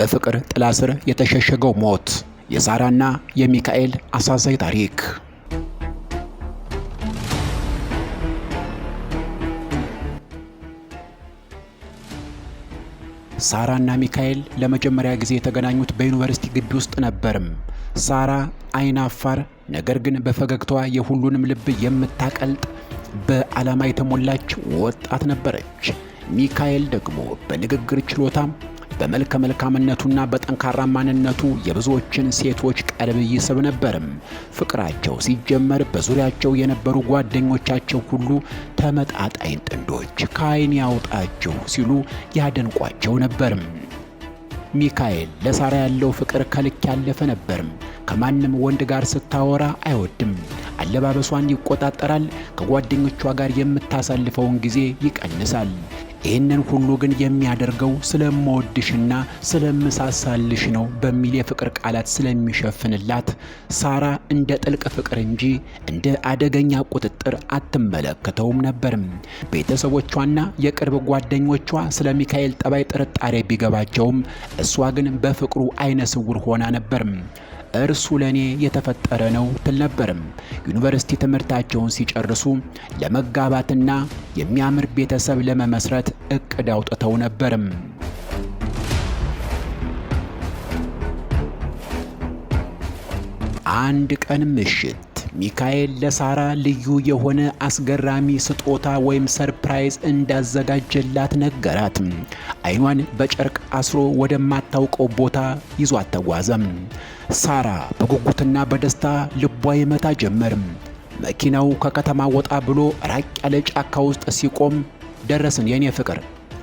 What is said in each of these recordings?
በፍቅር ጥላ ስር የተሸሸገው ሞት፣ የሳራና የሚካኤል አሳዛኝ ታሪክ። ሳራና ሚካኤል ለመጀመሪያ ጊዜ የተገናኙት በዩኒቨርሲቲ ግቢ ውስጥ ነበርም። ሳራ አይን አፋር ነገር ግን በፈገግታዋ የሁሉንም ልብ የምታቀልጥ በዓላማ የተሞላች ወጣት ነበረች። ሚካኤል ደግሞ በንግግር ችሎታም በመልከ መልካምነቱና በጠንካራ ማንነቱ የብዙዎችን ሴቶች ቀልብ ይስብ ነበርም። ፍቅራቸው ሲጀመር በዙሪያቸው የነበሩ ጓደኞቻቸው ሁሉ ተመጣጣኝ ጥንዶች ከአይን ያውጣችሁ ሲሉ ያደንቋቸው ነበርም። ሚካኤል ለሳራ ያለው ፍቅር ከልክ ያለፈ ነበርም። ከማንም ወንድ ጋር ስታወራ አይወድም። አለባበሷን ይቆጣጠራል። ከጓደኞቿ ጋር የምታሳልፈውን ጊዜ ይቀንሳል። ይህንን ሁሉ ግን የሚያደርገው ስለምወድሽና ስለምሳሳልሽ ነው በሚል የፍቅር ቃላት ስለሚሸፍንላት ሳራ እንደ ጥልቅ ፍቅር እንጂ እንደ አደገኛ ቁጥጥር አትመለከተውም ነበርም። ቤተሰቦቿና የቅርብ ጓደኞቿ ስለ ሚካኤል ጠባይ ጥርጣሬ ቢገባቸውም እሷ ግን በፍቅሩ አይነ ስውር ሆና ነበርም። እርሱ ለኔ የተፈጠረ ነው ትል ነበርም። ዩኒቨርሲቲ ትምህርታቸውን ሲጨርሱ ለመጋባትና የሚያምር ቤተሰብ ለመመስረት እቅድ አውጥተው ነበርም። አንድ ቀን ምሽት ሚካኤል ለሳራ ልዩ የሆነ አስገራሚ ስጦታ ወይም ሰርፕራይዝ እንዳዘጋጀላት ነገራት። አይኗን በጨርቅ አስሮ ወደማታውቀው ቦታ ይዟት ተጓዘም። ሳራ በጉጉትና በደስታ ልቧ ይመታ ጀመርም። መኪናው ከከተማ ወጣ ብሎ ራቅ ያለ ጫካ ውስጥ ሲቆም ደረስን የኔ ፍቅር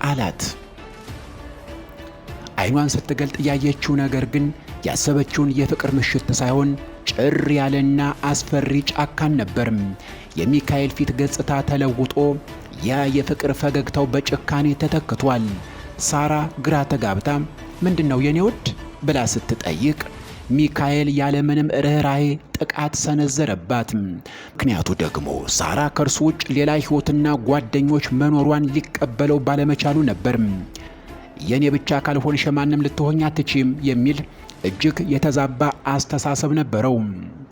አላት። አይኗን ስትገልጥ ያየችው ነገር ግን ያሰበችውን የፍቅር ምሽት ሳይሆን ጭር ያለና አስፈሪ ጫካን ነበርም። የሚካኤል ፊት ገጽታ ተለውጦ ያ የፍቅር ፈገግታው በጭካኔ ተተክቷል። ሳራ ግራ ተጋብታ ምንድን ነው የኔ ውድ ብላ ስትጠይቅ ሚካኤል ያለምንም ርኅራሄ ጥቃት ሰነዘረባት። ምክንያቱ ደግሞ ሳራ ከእርሱ ውጭ ሌላ ሕይወትና ጓደኞች መኖሯን ሊቀበለው ባለመቻሉ ነበር። የኔ ብቻ ካልሆንሽ ማንም ልትሆኝ አትችም የሚል እጅግ የተዛባ አስተሳሰብ ነበረው።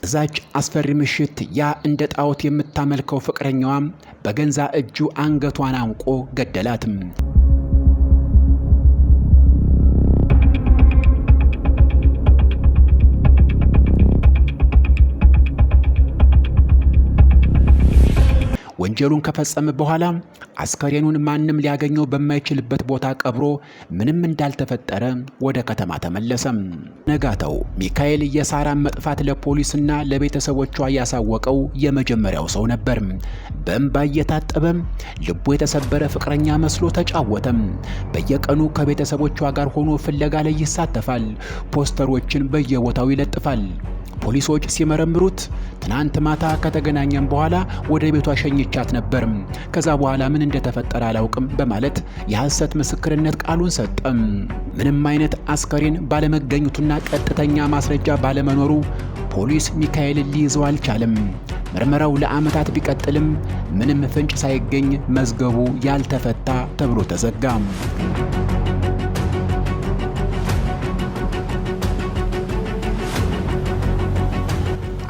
እዛች አስፈሪ ምሽት ያ እንደ ጣዖት የምታመልከው ፍቅረኛዋም በገንዛ እጁ አንገቷን አንቆ ገደላት። ወንጀሉን ከፈጸመ በኋላ አስከሬኑን ማንም ሊያገኘው በማይችልበት ቦታ ቀብሮ ምንም እንዳልተፈጠረ ወደ ከተማ ተመለሰም። ነጋተው ሚካኤል የሳራን መጥፋት ለፖሊስና ለቤተሰቦቿ ያሳወቀው የመጀመሪያው ሰው ነበር። በእንባ እየታጠበም ልቡ የተሰበረ ፍቅረኛ መስሎ ተጫወተም። በየቀኑ ከቤተሰቦቿ ጋር ሆኖ ፍለጋ ላይ ይሳተፋል። ፖስተሮችን በየቦታው ይለጥፋል። ፖሊሶች ሲመረምሩት ትናንት ማታ ከተገናኘም በኋላ ወደ ቤቷ ሸኝቻ ነግሯት ነበር ከዛ በኋላ ምን እንደተፈጠረ አላውቅም በማለት የሐሰት ምስክርነት ቃሉን ሰጠም። ምንም አይነት አስከሬን ባለመገኘቱና ቀጥተኛ ማስረጃ ባለመኖሩ ፖሊስ ሚካኤልን ሊይዘው አልቻለም። ምርመራው ለዓመታት ቢቀጥልም ምንም ፍንጭ ሳይገኝ መዝገቡ ያልተፈታ ተብሎ ተዘጋ።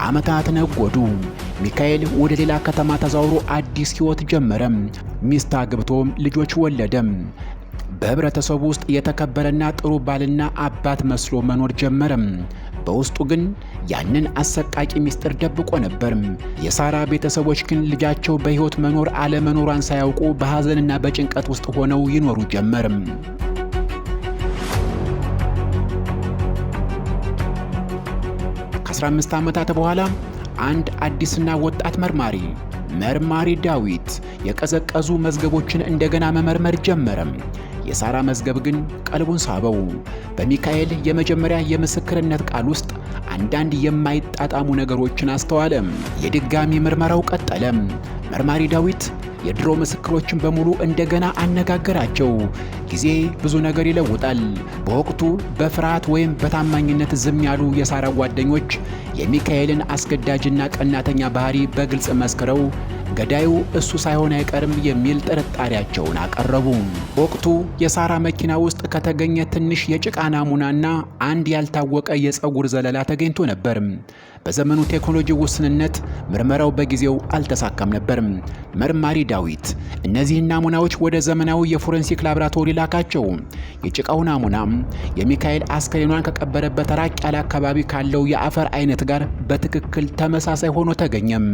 ዓመታት ነጎዱ። ሚካኤል ወደ ሌላ ከተማ ተዛውሮ አዲስ ህይወት ጀመረም። ሚስት አግብቶም ልጆች ወለደም። በህብረተሰቡ ውስጥ የተከበረና ጥሩ ባልና አባት መስሎ መኖር ጀመረ። በውስጡ ግን ያንን አሰቃቂ ምስጢር ደብቆ ነበር። የሳራ ቤተሰቦች ግን ልጃቸው በህይወት መኖር አለመኖሯን ሳያውቁ በሐዘንና በጭንቀት ውስጥ ሆነው ይኖሩ ጀመር ከ ከ15 ዓመታት በኋላ አንድ አዲስና ወጣት መርማሪ መርማሪ ዳዊት የቀዘቀዙ መዝገቦችን እንደገና መመርመር ጀመረም። የሳራ መዝገብ ግን ቀልቡን ሳበው። በሚካኤል የመጀመሪያ የምስክርነት ቃል ውስጥ አንዳንድ የማይጣጣሙ ነገሮችን አስተዋለም። የድጋሚ ምርመራው ቀጠለም። መርማሪ ዳዊት የድሮ ምስክሮችን በሙሉ እንደገና አነጋገራቸው። ጊዜ ብዙ ነገር ይለውጣል። በወቅቱ በፍርሃት ወይም በታማኝነት ዝም ያሉ የሳራ ጓደኞች የሚካኤልን አስገዳጅና ቀናተኛ ባህሪ በግልጽ መስክረው ገዳዩ እሱ ሳይሆን አይቀርም የሚል ጥርጣሬያቸውን አቀረቡ። በወቅቱ የሳራ መኪና ውስጥ ከተገኘ ትንሽ የጭቃ ናሙናና አንድ ያልታወቀ የፀጉር ዘለላ ተገኝቶ ነበር። በዘመኑ ቴክኖሎጂ ውስንነት ምርመራው በጊዜው አልተሳካም ነበርም። መርማሪ ዳዊት እነዚህን ናሙናዎች ወደ ዘመናዊ የፎረንሲክ ላብራቶሪ ላካቸው። የጭቃው ናሙና የሚካኤል አስከሬኗን ከቀበረበት ራቅ ያለ አካባቢ ካለው የአፈር አይነት ጋር በትክክል ተመሳሳይ ሆኖ ተገኘም።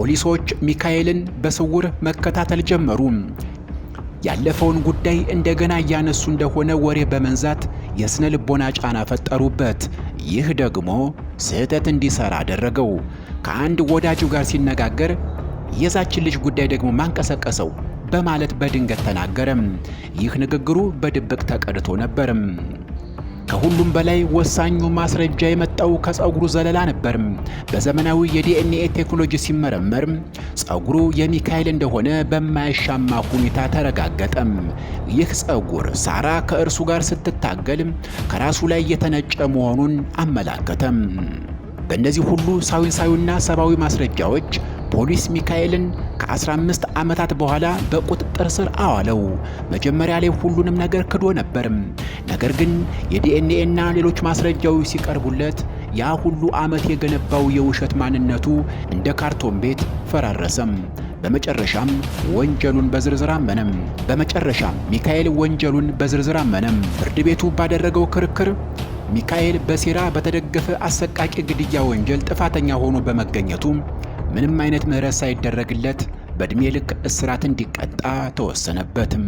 ፖሊሶች ሚካኤልን በስውር መከታተል ጀመሩ። ያለፈውን ጉዳይ እንደገና እያነሱ እንደሆነ ወሬ በመንዛት የስነ ልቦና ጫና ፈጠሩበት። ይህ ደግሞ ስህተት እንዲሰራ አደረገው። ከአንድ ወዳጁ ጋር ሲነጋገር የዛችን ልጅ ጉዳይ ደግሞ ማንቀሰቀሰው በማለት በድንገት ተናገረም። ይህ ንግግሩ በድብቅ ተቀድቶ ነበርም። ከሁሉም በላይ ወሳኙ ማስረጃ የመጣው ከፀጉሩ ዘለላ ነበርም። በዘመናዊ የዲኤንኤ ቴክኖሎጂ ሲመረመር ፀጉሩ የሚካኤል እንደሆነ በማያሻማ ሁኔታ ተረጋገጠም። ይህ ፀጉር ሳራ ከእርሱ ጋር ስትታገል ከራሱ ላይ የተነጨ መሆኑን አመላከተም። በእነዚህ ሁሉ ሳይንሳዊና ሰብአዊ ማስረጃዎች ፖሊስ ሚካኤልን ከ15 ዓመታት በኋላ በቁጥጥር ስር አዋለው። መጀመሪያ ላይ ሁሉንም ነገር ክዶ ነበርም። ነገር ግን የዲኤንኤና ሌሎች ማስረጃዎች ሲቀርቡለት ያ ሁሉ ዓመት የገነባው የውሸት ማንነቱ እንደ ካርቶን ቤት ፈራረሰም። በመጨረሻም ወንጀሉን በዝርዝር አመነም። በመጨረሻም ሚካኤል ወንጀሉን በዝርዝር አመነም። ፍርድ ቤቱ ባደረገው ክርክር ሚካኤል በሴራ በተደገፈ አሰቃቂ ግድያ ወንጀል ጥፋተኛ ሆኖ በመገኘቱ ምንም አይነት ምህረት ሳይደረግለት በእድሜ ልክ እስራት እንዲቀጣ ተወሰነበትም።